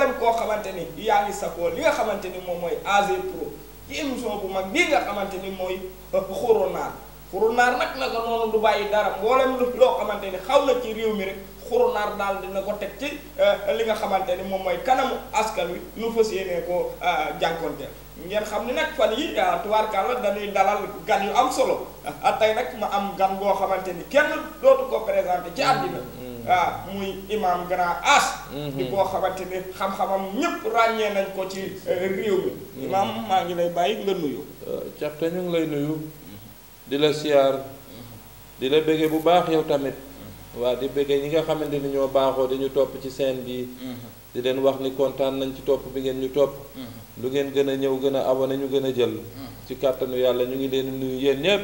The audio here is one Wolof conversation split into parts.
mboolem koo xamante ni yaa ngi li nga xamante ni moom mooy AG Pro ci émission bu mag bii nga xamante ni mooy xurunaar xurunaar nag naka noonu du bàyyi dara mboolem loo xamante ni xaw na ci réew mi rek xurunaar daal dina ko teg ci eh, li nga xamante ni moom mooy kanamu askan wi nu fas yéenee ko eh, jànkonte ngeen xam ni nag fan yi eh, tubaarkàlla dañuy dalal gan yu am solo tey nag ma am gan goo xamante ni kenn dootu ko présenté ci àddina mm-hmm. muy imam grand as mhm. di koo xamante ni xam-xamam ñëpp ràññee nañ ko ci eh, réew mi mhm. imam maa ngi lay bàyyi nga nuyu euh, caxte ñu ngi lay nuyu di la siyaar di la béggee bu baax yow tamit mhm. waa di béggee ñi nga xamante ni ñoo baaxoo dañu topp ci seen bii di leen wax ni kontaan nañ ci topp bi ngeen ñu topp lu ngeen gën a ñëw gën a awoon abonné ñu gën a jël ci kàttanu yàlla ñu ngi leen nuyu yéen ñëpp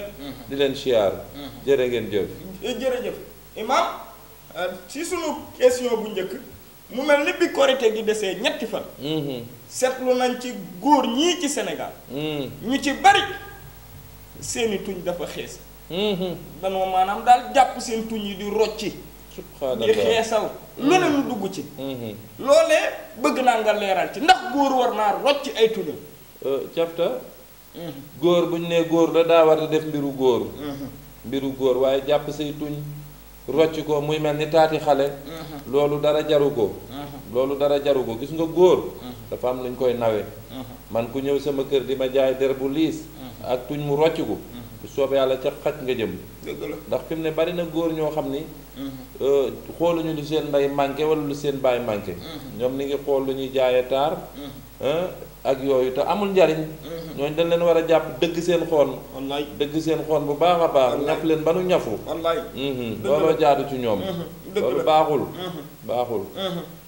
di leen siyaar jëre ngeen jëf eh, jërëjëf imam Euh, ci sunu question bu njëkk mu mel ni bi korite gi desee ñetti fan mhm. seetlu nañ ci góor ñii ci senegal mhm. ñu ci bari seeni tuñ dafa xees mhm. danoo maanaam daal jàpp seen tuñ yi di rocci di xeesal lu ne dugg ci loolee bëgg naa nga leeral ci ndax góor war naa rocci ay tuñam euh, cafta góor bu ñu nee góor la daa war a def mbiru góor mbiru góor waaye jàpp say tuñ rocc ko muy mel ni taati xale mm-hmm. loolu dara jaru ko mm-hmm. loolu dara jaru ko gis nga góor mm-hmm. dafa am lu ñu koy nawe man ku ñëw sama kër di ma jaay der bu liis ak tuñ mu rocc soobee yàlla ca xaj nga jëm ndax fi ne bari na góor ñoo xam ni euh, xooluñu lu seen mbay manqué wala lu seen baay manqué ñoom ni ngi xool lu ñuy jaaye taar ak yooyu te amul njariñ mm-hmm. ñooñ dañ leen war a jàpp dëgg seen xoon wallaay dëgg seen xoon bu baax a baax ñaf leen ba nu ñafu wallaay mm-hmm. looloo jaadu ci ñoom mm-hmm. loolu baaxul baaxul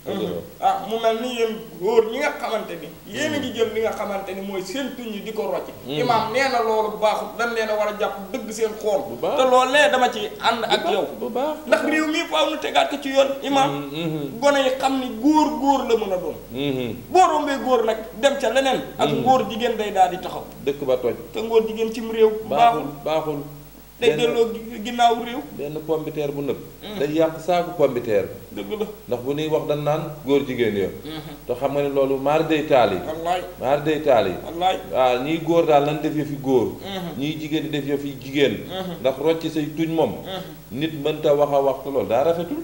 Mm-hmm. ah mu mel ni yéen góor ñi nga xamante ni mm-hmm. yéen a ngi jël li nga xamante ni mooy seen tuñ yi di ko rocc mm-hmm. imaam nee na loolu bu baaxut dañ leen a war a jàpp dëgg seen xool te loolee dama ci ànd ak yow ndax réew mi faaw nu tegaat ko ci yoon imaam gone yi xam ni góor góor la mën a doon boo rombee góor nag dem ca leneen ak ngóor jigéen day daal di taxaw dëkk ba toj te ngóor jigéen cim réew baaxul baaxul day delloo ginnaaw réew. benn pombiteer bu nëb. Mm. day yàq saaku pombiteer. dëgg la ndax bu ñuy wax dañ naan góor jigéen yo mm-hmm. te xam nga ne loolu maar day taal yi. wallaay maar day taal yi. wallaay waaw góor daal nañ def yëfi góor. Mm-hmm. ñiy jigéen di def yëfi jigéen. Mm-hmm. ndax rocc say tuñ moom. nit mënta wax a wax te loolu daa rafetul.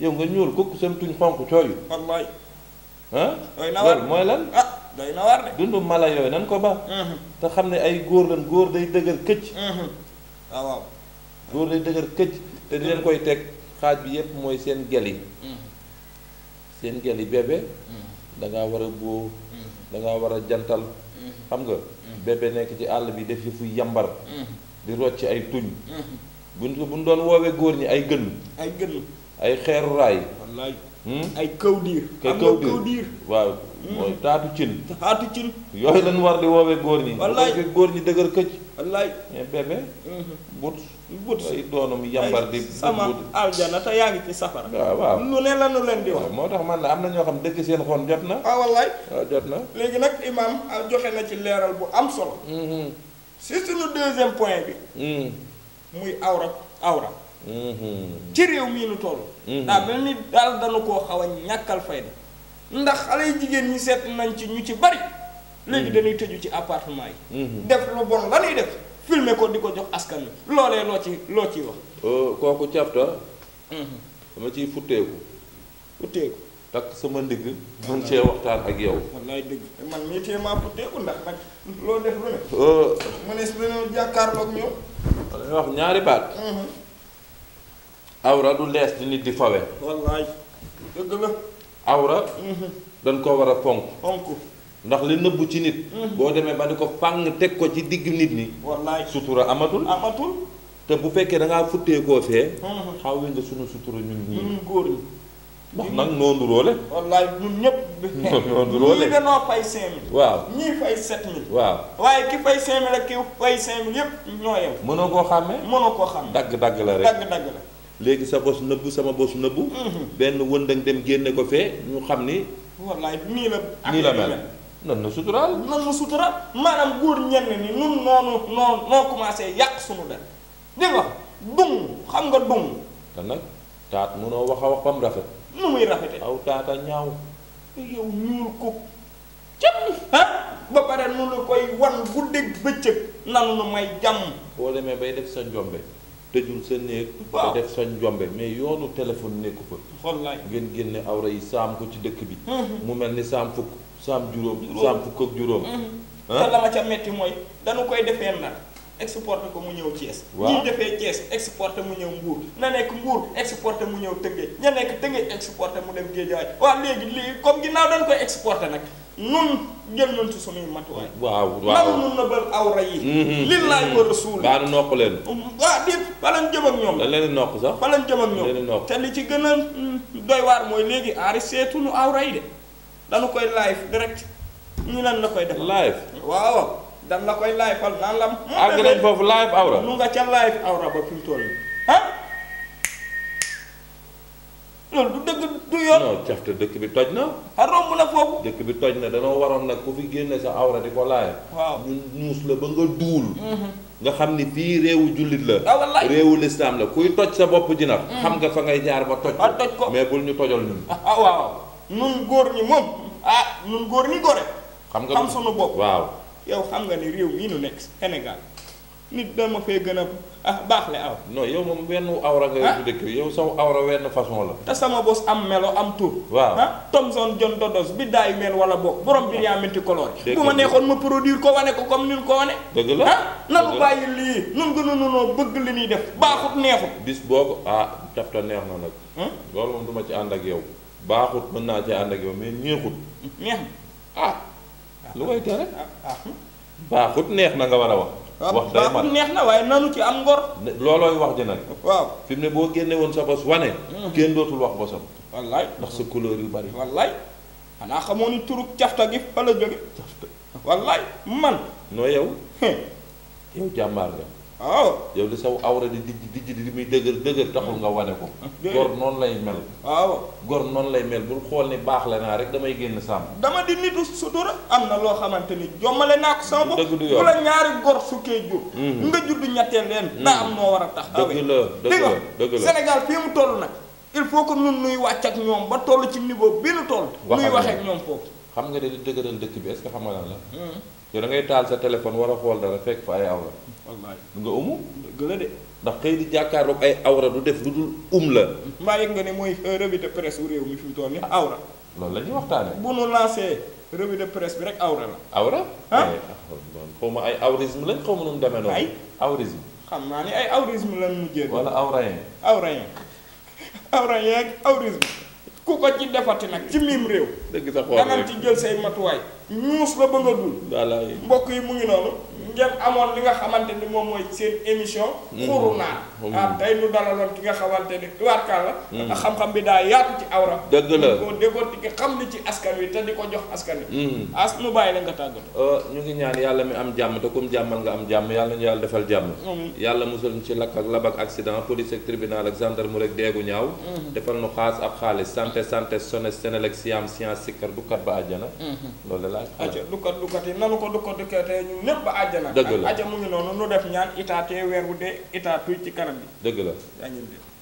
yow nga ñuul kukk seen tuñ xonq cooyu. wallaay. ah loolu mooy lan. Ah, doy na war de dundu mala yooyu nan ko ba. te xam ne ay góor lan góor day dëgër këcc. Ah, waaw waaw dóor dëgër këcc te di leen koy teg xaaj bi yépp mooy seen gel yi mm. seen gel yi bébé mm. war a boo mm. da war a jantal xam nga bébé nekk ci àll bi def yëfu yambar di rocc ay tuñ buñ ko buñ doon woowee góor ñi ay gën ay gën ay xeeru raay wallaay hmm? ay waaw mooy taatu cin. taatu cin. yooyu lañ war di woowee góor ñi. wallaay bu góor ñi dëgër këcc. wallaay mais eh, bébé. Mhm. but but ay doonam yambar di. sama aljana te yaa ngi ci safara. waaw waaw nu ne la leen di wax. moo tax man la am na ñoo xam dëkk seen xon jot na. ah wallaay. waaw ah, jot na. léegi nag a ah, joxe na ci leeral bu am solo. Mhm. si suñu deuxième point bi. Mhm. muy awra awra. ci réew mii nu toll. daa mel ni dañu koo xaw ñàkkal fayda. ndax xale yi jigéen ñi seet nañ ci ñu ci bari léegi mm-hmm. dañuy tëju ci appartement yi mm-hmm. def lu bon la def filmer ko di ko jox askan wi loolee loo ci loo ciy wax euh, kooku capta mm-hmm. dama ciy futteeku futteeku takk sama ndigg mën cee waxtaan ak yow. wallaay dëgg man mii tee maa futteeku ndax nag ne. Euh, mënees na ñoo jàkkaarloog ñoom. dañuy wax ñaari baat. awra du lees di nit di fawe. wallaay dëgg la. awra mhm. dañ koo war a ponk ndax li nëbbu ci nit mhm. boo demee ba ni ko fàng teg ko ci digg nit ñi wallaay sutura amatul amatul te bu fekkee da ngaa futteekoo fee mhm. xaw wi nga sunu sutura ñun ñii góor ñi ndax nag noonu roole wallaay ñun ñëpp noonu roole ñii danoo fay cinq mille waaw ñii fay sept mille waaw waaye ki fay cinq mille ak ki fay cinq mille yëpp ñoo yem mënoo koo xàmmee dagg dagg la rek dagg la léegi sa bos nëbbu sama bos nëbbu. Mhm. benn wëndëng dem génne ko fee ñu xam ni. wallaay nii la. nii la mel nan na suturaal. nan na suturaal maanaam góor ñenn ni nun noonu noonu noo commencé yàq sunu der dégg nga dung xam nga dung. te nag taat munoo wax a wax ba mu rafet. nu muy rafetee aw taata ñaaw. yow ñuul ko cëpp ba pare nu la koy wan bu dégg bëccëg nanu nu may jàmm. boo demee bay def sa njombe. tëjul sa néeg te def sa njombe mais yoonu téléphone nekku fa wallaay ngeen génne awra yi saam ko ci dëkk bi mhm. mu mel ni saam fukk saam juróom saam fukk ak juróom mhm. te la ma ca metti mooy dañu koy defee nag export ko mu ñëw Thiès. waaw ñiy defee Thiès exporté mu ñëw Mbour. na nekk Mbour exporté mu ñëw Tëngéej ña nekk Tëngéej exporté mu dem Géejawaay waaw léegi lii comme ginnaaw dañ koy exporté nag nun jël nañ ci suñuy matuwaay. waaw waaw lan mun na bëri awra yi. Mhm. lin laay ko mhm. rasuul. baanu noq leen. Um, waaw déet balan jëm ak ñoom. dañ leen di noq sax. balan jëm ak ñoom te li ci gën a mm, doy waar mooy léegi aari seetu nu awra yi de dañu koy live direct ñu lan la koy def. live waaw. dan la koy live fal naan la. Hmm, àgg nañ foofu live awra mu nga ca live ba fi mu toll ah loolu du dëgg du yoon. dëkk bi toj na. a romb na dëkk bi toj na danoo waroon nag ku fi génne sa awra di ko live. waaw ñu ñuus la ba nga duul. Mm-hmm. nga xam ni fii réewu jullit la. Ah, réewu lislaam la kuy toj sa bopp ji nag. Mm-hmm. xam nga fa ngay jaar ba toj. ko mais bul ñu tojal ñun. ah waaw nun góor ñi moom ah nun góor ñi gore. xam nga xam sunu bopp waaw. yow xam nga ne réew mii nu nekk Sénégal nit dama fee gën a ah baax la aw. non yow moom wenn awra nga yor dëkk yow saw awra wenn façon la. te sama bos am melo am tur. waaw ah Thomson John Dodos bi daay mel wala boog borom bi yaa minti color bu ma neexoon ma produire ko wane ko comme nin ko wane. dëgg la ah nanu bàyyi lii nun gënu nunoo bëgg li ñuy def baaxut neexut. bis boobu ah capta neex na nag. Hmm? loolu moom du ma ci ànd ak yow. baaxut mën naa ci ànd ak yow lu koy tere ah, ah. baaxut neex na nga war a wax ah, wax day neex na waaye nanu ci am ngor loolooy wax ji nag waaw fi ne boo génne woon sa bos wane hmm. kenn dootul wax bosam wallaay ndax sa couleur yu bari wallaay xanaa xamoo ni turu cafta gi fa la jóge cafta wallaay man noo yow yow jàmbaar nga waaw yow li saw awra di dijj dijj di muy dëgër dëgër taxul nga wane ko gor noonu lay mel waaw gor noonu lay mel bul xool ni baax la naa rek damay génn sàmm dama di nitu sutura am na loo xamante ni jommale naa ko sama bopp dëgg la ñaari gor sukkee jur mm-hmm. nga judd ñetteel leen mm-hmm. daa am noo war a tax dëgg la dëgg la dëgg la Sénégal fii mu toll nag il faut que nun nuy wàcc ak ñoom ba toll ci niveau bi nu toll nuy waxee ak ñoom foofu xam nga ne di dëgëral dëkk bi est-ce que la. Hmm. yow da taal sa téléphone war a xool dara fekk fa ay awra. wallaahi nga umu. dëgg de. ndax xëy di jàkkaarloog ay awra du def lu dul um la. mbaa yëg nga ne mooy revue de presse wu réew mi fi mu toll nii awra. loolu la ñuy waxtaanee. bu nu lancé revue de presse bi rek awra la. awra. ah eh, xaw ma ay awrisme lañ xaw ma nu mu demee noonu. ay awrisme. xam naa ne ay awrisme lañ mujjee. wala awrayen. awrayen awrayen ak awrisme. ku ko ci defati nag ci miim réew. dëgg sa xool da nga ci jël say matuwaay. ñuus la ba nga dul. mbokk yi mu ngi noonu. ngeen amoon li nga xamante ni moom mooy seen émission. Mm-hmm. xuuru naa. Mm-hmm. Ah, tey nu dalaloon ki nga xamante ni tubaarkaar la. Mm-hmm. xam-xam bi daa yaatu ci awra. dëgg la ko décortiquer xam li ci askan wi te ko jox askan wi. la euh, am jàmm te kum ñu yàlla defal jàmm. yàlla musal ñu ci lakk ak lab ak accident police ak tribunal ak gendarmerie ak deegu ñaaw. defal nu xaas ab xaalis santé santé sonné Sénélec siam science sikkar dukkat ba àjjana. loolu la laaj. dukkat dukkat yi nanu ko dukkat dukkatee ñun ñëpp àjjana itaate dëgg la aja mu ngi noonu nu def ñaan itaate weer wu dee itaatu ci kanam bi dëgg la yaa